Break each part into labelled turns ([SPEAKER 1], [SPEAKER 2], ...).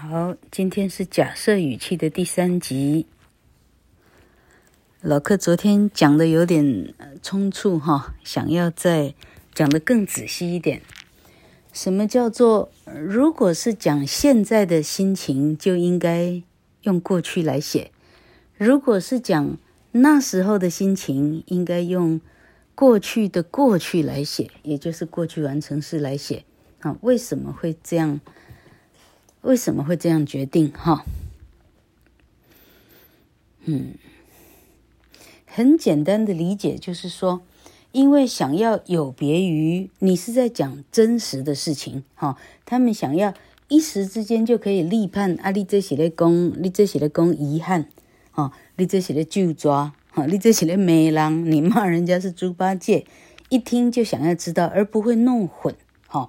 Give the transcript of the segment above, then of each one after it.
[SPEAKER 1] 好，今天是假設語氣的第三集。老克昨天講的有點呃匆促哈，想要再講的更仔細一點。什麼叫做？如果是講現在的心情，就應該用過去來寫；如果是講那時候的心情，應該用過去的過去來寫，也就是過去完成式來寫。啊，為什麼會這樣？為什麼會這樣決定？哈，嗯，很簡單的理解就是說，因為想要有別於你是在講真實的事情，哈，他們想要一時之間就可以立判。啊，你這是在講，你這是在講遺憾，哈，你這是在舊抓，哈，你這是在罵人。你罵人家是豬八戒，一聽就想要知道，而不會弄混，哈。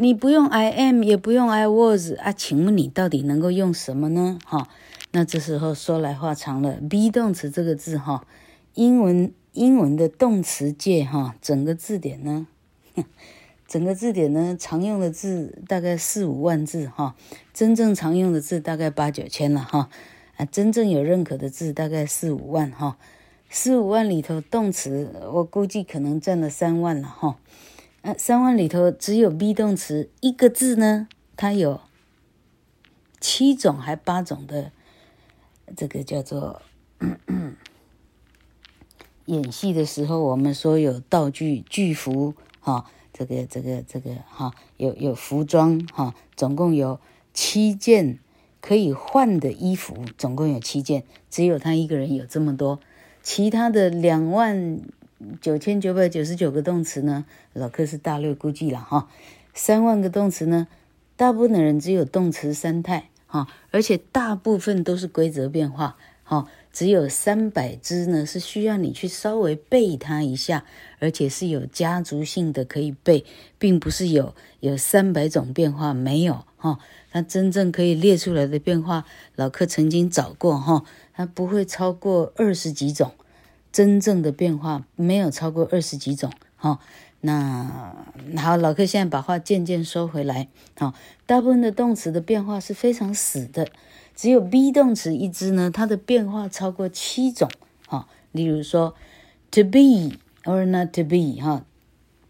[SPEAKER 1] 你不用 I am，也不用 I was，啊，請問你到底能夠用什麼呢？哈，那這時候說來話長了。be 動詞這個字，哈，英文英文的動詞界，哈，整個字典呢，整個字典呢，常用的字大概四五萬字，哈，真正常用的字大概八九千了，哈，啊，真正有認可的字大概四五萬，哈，四五萬裡頭動詞，我估計可能占了三萬了，哈。呃，三萬裡頭只有 be 動詞一個字呢，它有七種還八種的，這個叫做呵呵演戲的時候，我們說有道具、劇服哈，這個、這個、這個哈，有有服裝哈，總共有七件可以換的衣服，總共有七件，只有他一個人有這麼多，其他的兩萬。九千九百九十九個動詞呢，老柯是大略估計了哈。三萬個動詞呢，大部分的人只有動詞三態哈，而且大部分都是規則變化哈。只有三百隻呢是需要你去稍微背它一下，而且是有家族性的可以背，並不是有有三百種變化沒有哈。它真正可以列出來的變化，老柯曾經找過哈，它不會超過二十幾種。真正的變化沒有超過二十幾種哈、哦。那好，老克現在把話漸漸說回來。好、哦，大部分的動詞的變化是非常死的，只有 be 動詞一只呢，它的變化超過七種哈、哦。例如說，to be or not to be 哈、哦，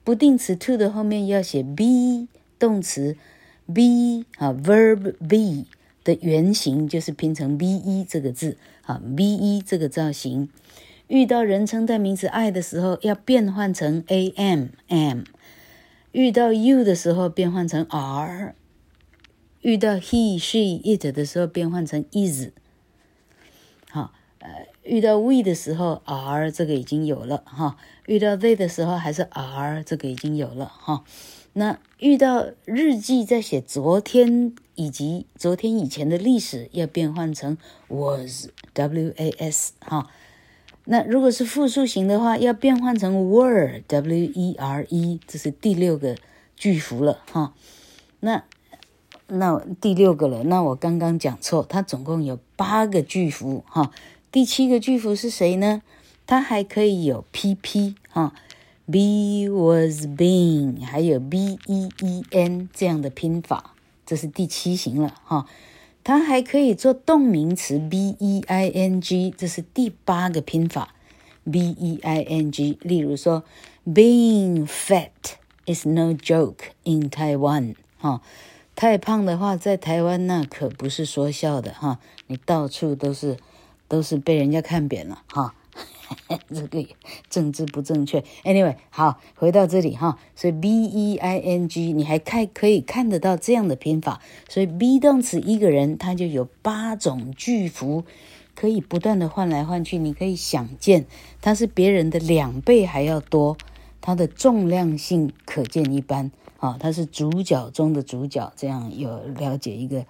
[SPEAKER 1] 不定詞 to 的後面要寫 be 動詞 be 啊、哦、verb be 的原型就是拼成 be 這個字啊，be、哦、這個造型。遇到人稱代名詞 “I” 的時候，要變換成 am、am；遇到 “you” 的時候，變換成 are；遇到 he、she、it 的時候，變換成 is。好，呃，遇到 we 的時候，are 這個已經有了哈、啊；遇到 they 的時候，還是 are 這個已經有了哈、啊。那遇到日記在寫昨天以及昨天以前的歷史，要變換成 was was 哈。那如果是複數型的話，要變換成 were，w-e-r-e，-E，這是第六個句符了哈。那那第六個了，那我剛剛講錯，它總共有八個句符哈。第七個句符是誰呢？它還可以有 PP 哈，b Be was being，還有 b-e-e-n 這樣的拼法，這是第七型了哈。它還可以做動名詞，being，這是第八個拼法，being。B-E-I-N-G，例如說，being fat is no joke in Taiwan、哦。哈，太胖的話，在台灣那可不是說笑的哈、哦，你到處都是，都是被人家看扁了哈。哦這個也，政治不正確。Anyway，好，回到這裡哈，所以 being 你還看可以看得到這樣的拼法，所以 be 動詞一個人他就有八種句幅，可以不斷的換來換去，你可以想見，它是別人的兩倍還要多，它的重量性可見一斑。啊，它是主角中的主角，這樣有了解一個。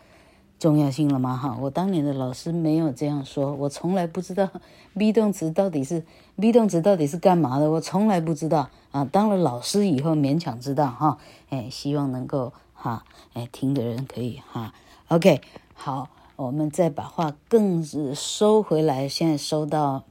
[SPEAKER 1] 重要性了嗎？哈，我當年的老師沒有這樣說，我從來不知道 be 動詞到底是 be 動詞到底是幹嘛的，我從來不知道啊。當了老師以後勉強知道哈、啊，哎，希望能夠哈、啊，哎，聽的人可以哈、啊。OK，好，我們再把話更是收回來，現在收到。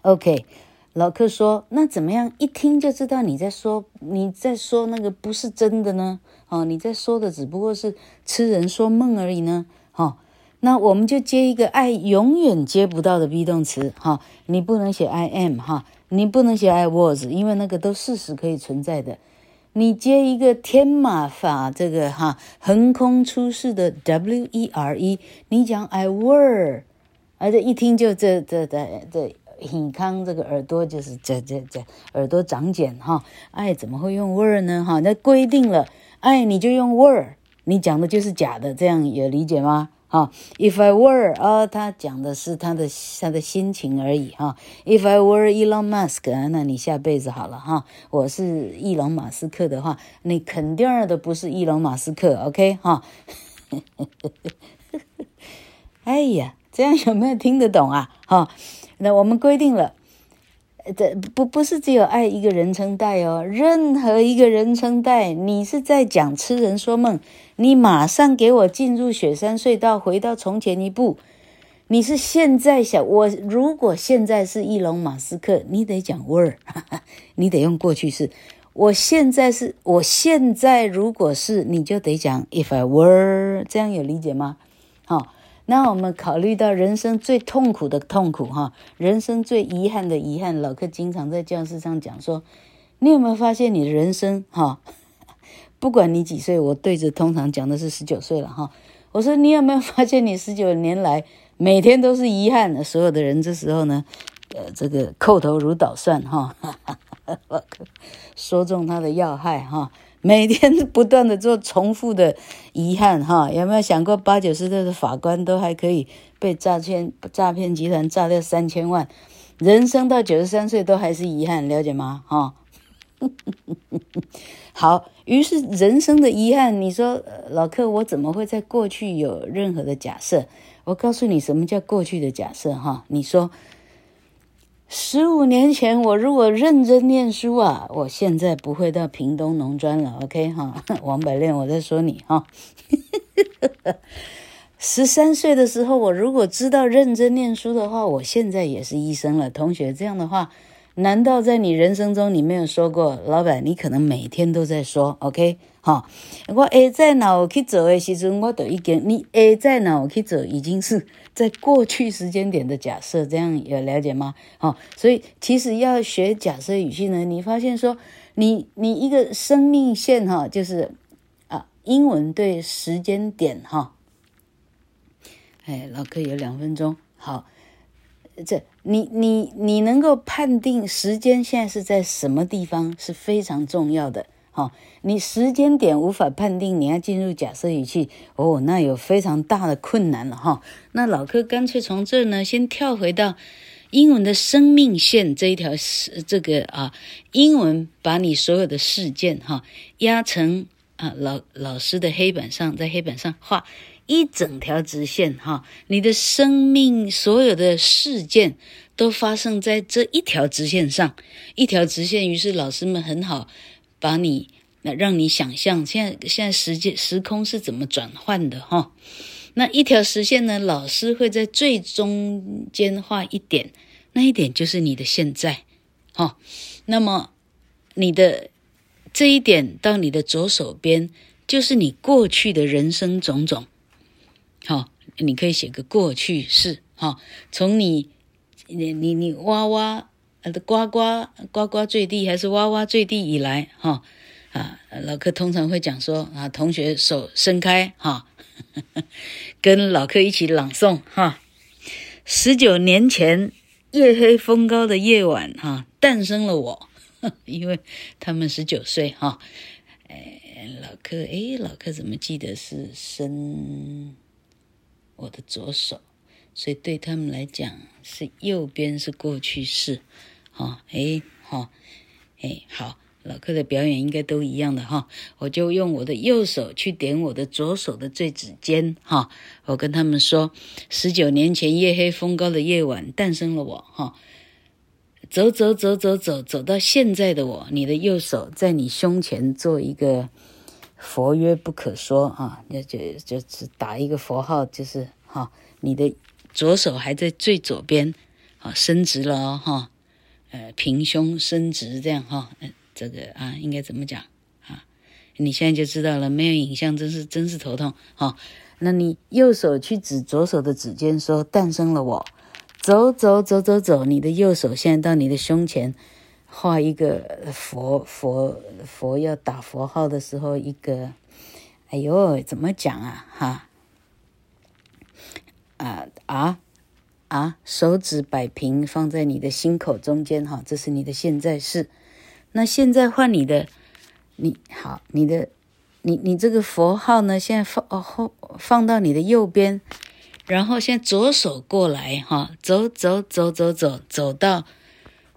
[SPEAKER 1] OK，老克說，那怎麼樣一聽就知道你在說你在說那個不是真的呢？哦，你在說的只不過是癡人說夢而已呢。哈、哦，那我們就接一個愛永遠接不到的 be 動詞。哈、哦，你不能寫 I am、哦。哈，你不能寫 I was，因為那個都事實可以存在的。你接一個天馬法，這個哈、啊、橫空出世的 were。-E，你講 I were，而、啊、這一聽就這這這這，爾康這，這個耳朵就是這這這，耳朵長繭哈、哦。哎，怎麼會用 were 呢？哈、哦，那規定了。哎，你就用 were，你講的就是假的，這樣有理解嗎？哈、哦，If I were，啊、哦，他講的是他的他的心情而已哈、哦。If I were Elon Musk，那你下輩子好了哈、哦。我是伊隆馬斯克的話，你肯定的不是伊隆馬斯克。OK 哈、哦， 哎呀，這樣有沒有聽得懂啊？哈、哦，那我們規定了。這不不是只有愛一個人稱代哦，任何一個人稱代，你是在講痴人說夢。你馬上給我進入雪山隧道，回到從前一步。你是現在想我？如果現在是伊隆馬斯克，你得講 w o r d，你得用過去式。我現在是我現在如果是，你就得講 if I were。這樣有理解嗎？好。那我們考慮到人生最痛苦的痛苦哈，人生最遺憾的遺憾，老克經常在教室上講說，你有沒有發現你的人生哈，不管你幾歲，我對着通常講的是十九歲了哈，我說你有沒有發現你十九年來每天都是遺憾的，所有的人這時候呢，呃，這個叩頭如搗蒜哈，哦，老克說中他的要害哈。每天不斷地做重複的遺憾，哈，有沒有想過八九十歲的法官都還可以被詐騙詐騙集團炸掉三千萬？人生到九十三歲都還是遺憾，了解嗎？哈，好，於是人生的遺憾，你說老柯，我怎麼會在過去有任何的假設？我告訴你什麼叫過去的假設，哈，你說。十五年前，我如果認真唸書啊，我現在不會到屏東農專了。OK，哈，王百煉，我在說你哈。十 三歲的時候，我如果知道認真唸書的話，我現在也是醫生了。同學，這樣的話，難道在你人生中，你沒有說過？老板，你可能每天都在說。OK，哈，我誒在哪去走的時我都已經你誒在哪去走，已經是。在過去時間點的假設，這樣有了解嗎？哦，所以其實要學假設語氣呢，你發現說你，你你一個生命線哈、啊，就是，啊，英文對時間點哈、啊，哎，老哥有兩分鐘，好，這你你你能夠判定時間線是在什麼地方是非常重要的。好、哦，你時間點無法判定，你要進入假設語氣哦,那有非常大的困難了哈、哦。那老柯乾脆從這兒呢，先跳回到英文的生命線這一條，這個啊，英文把你所有的事件哈、啊、壓成啊老老師的黑板上，在黑板上畫一整條直線哈、啊，你的生命所有的事件都發生在這一條直線上，一條直線。於是老師們很好。把你那讓你想象，現在現在時間時空是怎麼轉換的哈？那一條實線呢？老師會在最中間畫一點，那一點就是你的現在，哈。那麼你的這一點到你的左手邊，就是你過去的人生種種，好，你可以寫個過去式，哈。從你你你你哇哇呃，呱呱呱呱墜地還是哇哇墜地以來哈啊，老柯通常會講說啊，同學手伸開哈、啊，跟老柯一起朗誦哈。十、啊、九年前夜黑風高的夜晚哈、啊，誕生了我，啊、因為他們十九歲哈、啊。哎，老柯，哎，老柯怎麼記得是伸我的左手？所以對他們來講是右邊是過去式。哦，哎，好、哦，哎，好，老客的表演應該都一樣的哈、哦。我就用我的右手去點我的左手的最指尖哈、哦。我跟他們說，十九年前夜黑風高的夜晚誕生了我哈、哦。走走走走走走到現在的我，你的右手在你胸前做一個佛曰不可說啊，那、哦、就就是打一個佛號就是哈、哦。你的左手還在最左邊，啊、哦，伸直了哈。哦呃，平胸伸直這樣哈、哦，呃，這個啊，應該怎麼講啊？你現在就知道了，沒有影像，真是真是頭痛哈、哦。那你右手去指左手的指尖說，說誕生了我，走走走走走，你的右手現在到你的胸前畫一個佛佛佛，佛要打佛號的時候一個，哎呦，怎麼講啊？哈，啊啊。啊，手指擺平放在你的心口中間，哈，這是你的現在式。那現在換你的，你好，你的，你你這個佛號呢？現在放後、哦、放到你的右邊，然後現在左手過來，哈，走走走走走，走到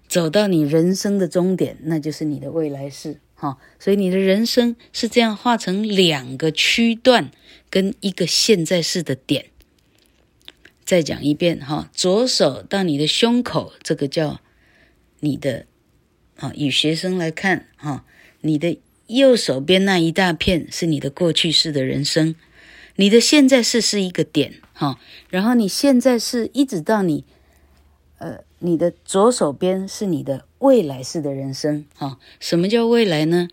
[SPEAKER 1] 走到你人生的終點，那就是你的未來式，哈。所以你的人生是這樣畫成兩個區段跟一個現在式的點。再講一遍哈，左手到你的胸口，這個叫你的啊。與學生來看哈，你的右手邊那一大片是你的過去式的人生，你的現在式是一個點哈，然後你現在是一直到你呃，你的左手邊是你的未來式的人生哈。什麼叫未來呢？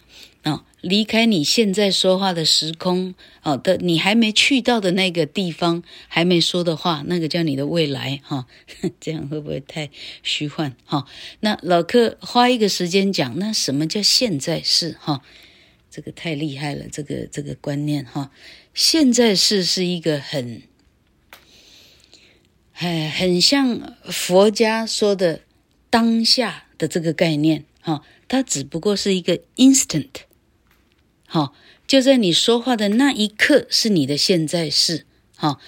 [SPEAKER 1] 離開你現在說話的時空，哦，的你還沒去到的那個地方，還沒說的話，那個叫你的未來，哈，這樣會不會太虛幻？哈，那老克花一個時間講，那什麼叫現在式？哈，這個太厲害了，這個這個觀念，哈，現在式是一個很哎，很像佛家說的當下的這個概念，哈，它只不過是一個 instant。好，就在你說話的那一刻是你的現在式。好，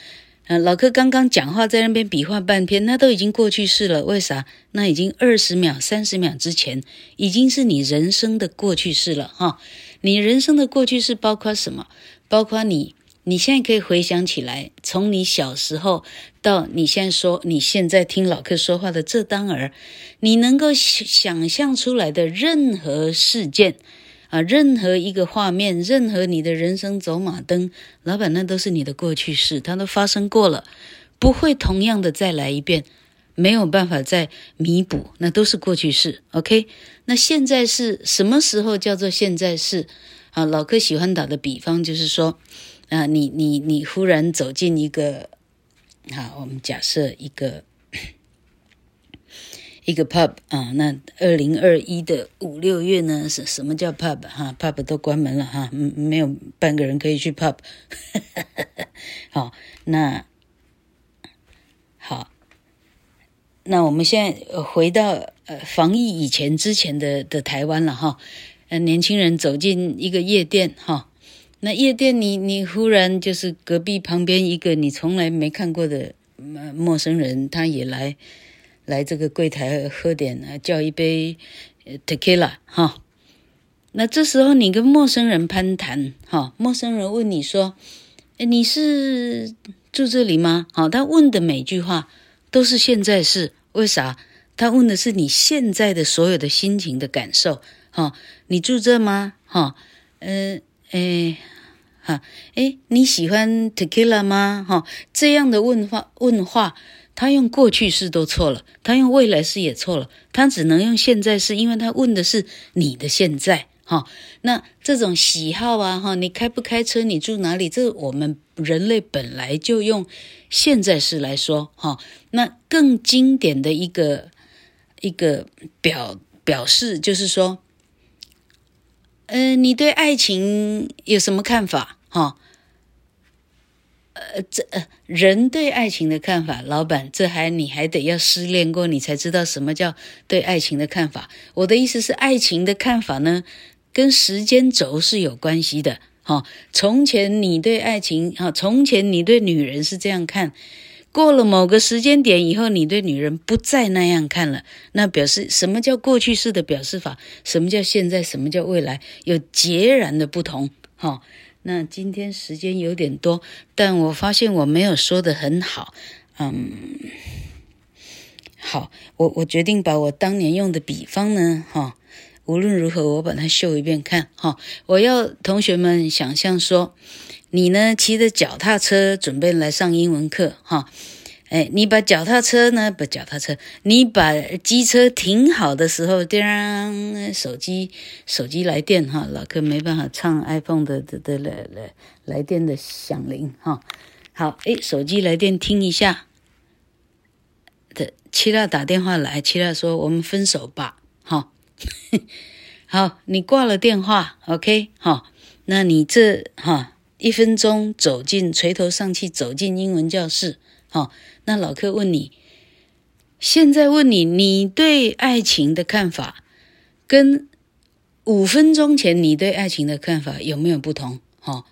[SPEAKER 1] 呃，老柯剛剛講話在那邊比劃半天，那都已經過去式了。為啥？那已經二十秒、三十秒之前，已經是你人生的過去式了。哈，你人生的過去式包括什麼？包括你，你現在可以回想起來，從你小時候到你現在說，你現在聽老柯說話的這當兒，你能夠想象出來的任何事件。啊，任何一個畫面，任何你的人生走馬燈，老板那都是你的過去式，它都發生過了，不會同樣的再來一遍，沒有辦法再彌補，那都是過去式。OK，那現在是什麼時候叫做現在式？啊，老柯喜歡打的比方就是說，啊，你你你忽然走進一個，啊，我們假設一個。一個 pub 啊，那二零二一的五六月呢，是什麼叫 pub 哈、啊？pub 都關門了哈、啊，沒有半個人可以去 pub。 好，那好，那我們現在回到、呃、防疫以前之前的的台灣了哈、啊。年輕人走進一個夜店哈、啊，那夜店你你忽然就是隔壁旁邊一個你從來沒看過的陌生人，他也來。來這個櫃台喝點，叫一杯，tequila 哈。那這時候你跟陌生人攀談哈，陌生人問你說：“哎，你是住這裡嗎？”哈，他問的每句話都是現在式，為啥？他問的是你現在的所有的心情的感受。哈，你住這嗎？哈，嗯，誒哈，哎，你喜歡 tequila 嗎？哈，這樣的問話問話。他用過去式都錯了，他用未來式也錯了，他只能用現在式，因為他問的是你的現在，齁。那這種喜好啊，齁，你開不開車，你住哪裡，這我們人類本來就用現在式來說，齁。那更經典的一個一個表表示就是說，嗯、呃，你對愛情有什麼看法，齁？呃，這呃，人對愛情的看法，老闆，這還你還得要失戀過，你才知道什麼叫對愛情的看法。我的意思是，愛情的看法呢，跟時間軸是有關係的。哈，從前你對愛情，哈，從前你對女人是這樣看，過了某個時間點以後，你對女人不再那樣看了，那表示什麼叫過去式的表示法？什麼叫現在？什麼叫未來？有截然的不同。哈。那今天時間有點多，但我發現我沒有說得很好，嗯，好，我我決定把我當年用的比方呢，哈、哦，無論如何我把它秀一遍看，哈、哦，我要同學們想象說，你呢騎着腳踏車準備來上英文課，哈、哦。誒、哎，你把腳踏車呢？把腳踏車，你把機車停好的時候，叮，手機手機來電哈，老哥沒辦法唱 iPhone 的的來來電的響鈴哈。好，誒、哎，手機來電聽一下，的七大打電話來，七大說我們分手吧，哈， 好，你掛了電話，OK，哈，那你這哈一分鐘走進垂頭喪氣走進英文教室。好、哦，那老客問你，現在問你，你對愛情的看法，跟五分鐘前你對愛情的看法有沒有不同？哈、哦，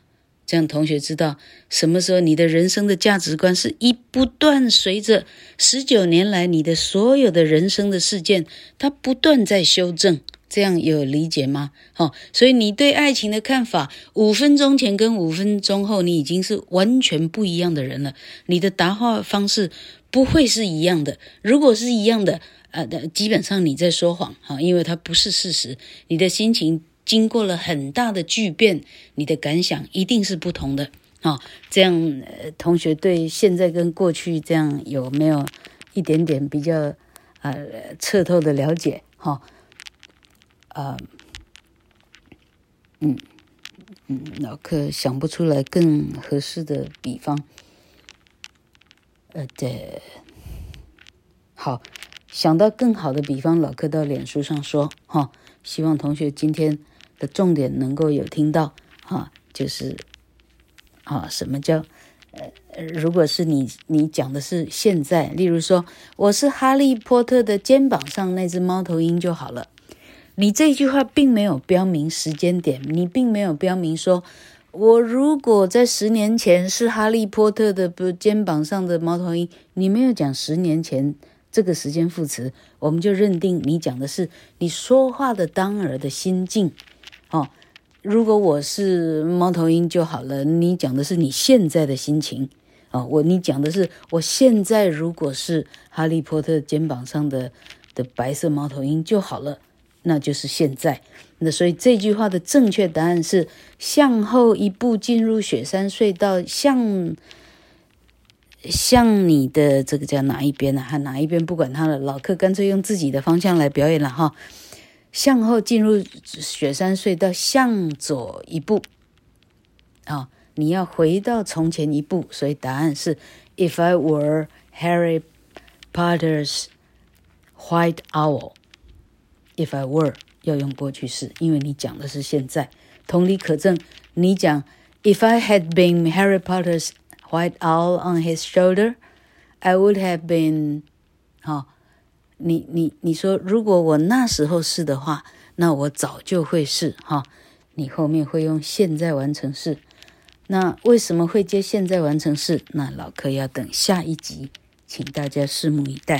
[SPEAKER 1] 這樣同學知道什麼時候你的人生的價值觀是一不斷隨着十九年來你的所有的人生的事件，它不斷在修正。這樣有理解嗎？好、哦，所以你對愛情的看法，五分鐘前跟五分鐘後，你已經是完全不一樣的人了。你的答話方式不會是一樣的，如果是一樣的，呃，基本上你在說謊，哈、哦，因為它不是事實。你的心情經過了很大的巨變，你的感想一定是不同的，哈、哦。這樣、呃，同學對現在跟過去這樣有沒有一點點比較呃，徹透的了解，哈、哦？啊、uh, 嗯，嗯嗯，老柯想不出來更合適的比方，呃、uh, 對，好，想到更好的比方，老柯到臉書上說哈，希望同學今天的重點能夠有聽到哈，就是啊，什麼叫呃，如果是你，你講的是現在，例如說，我是哈利波特的肩膀上那隻貓頭鷹就好了。你這句話並沒有標明時間點，你並沒有標明說，我如果在十年前是哈利波特的肩膀上的貓頭鷹，你沒有講十年前這個時間副詞，我們就認定你講的是你說話的當兒的心境。哦，如果我是貓頭鷹就好了。你講的是你現在的心情。哦，我你講的是我現在如果是哈利波特肩膀上的的白色貓頭鷹就好了。那就是現在，那所以這句話的正確答案是向後一步進入雪山隧道，向向你的這個叫哪一邊呢、啊？還哪一邊？不管它了，老客乾脆用自己的方向來表演了哈、哦。向後進入雪山隧道，向左一步啊、哦！你要回到從前一步，所以答案是 If I were Harry Potter's white owl。If I were，要用過去式，因為你講的是現在。同理可證，你講 If I had been Harry Potter's white owl on his shoulder，I would have been。哈、哦，你你你說如果我那時候是的話，那我早就會是哈、哦。你後面會用現在完成式。那為什麼會接現在完成式？那老柯要等下一集，請大家拭目以待。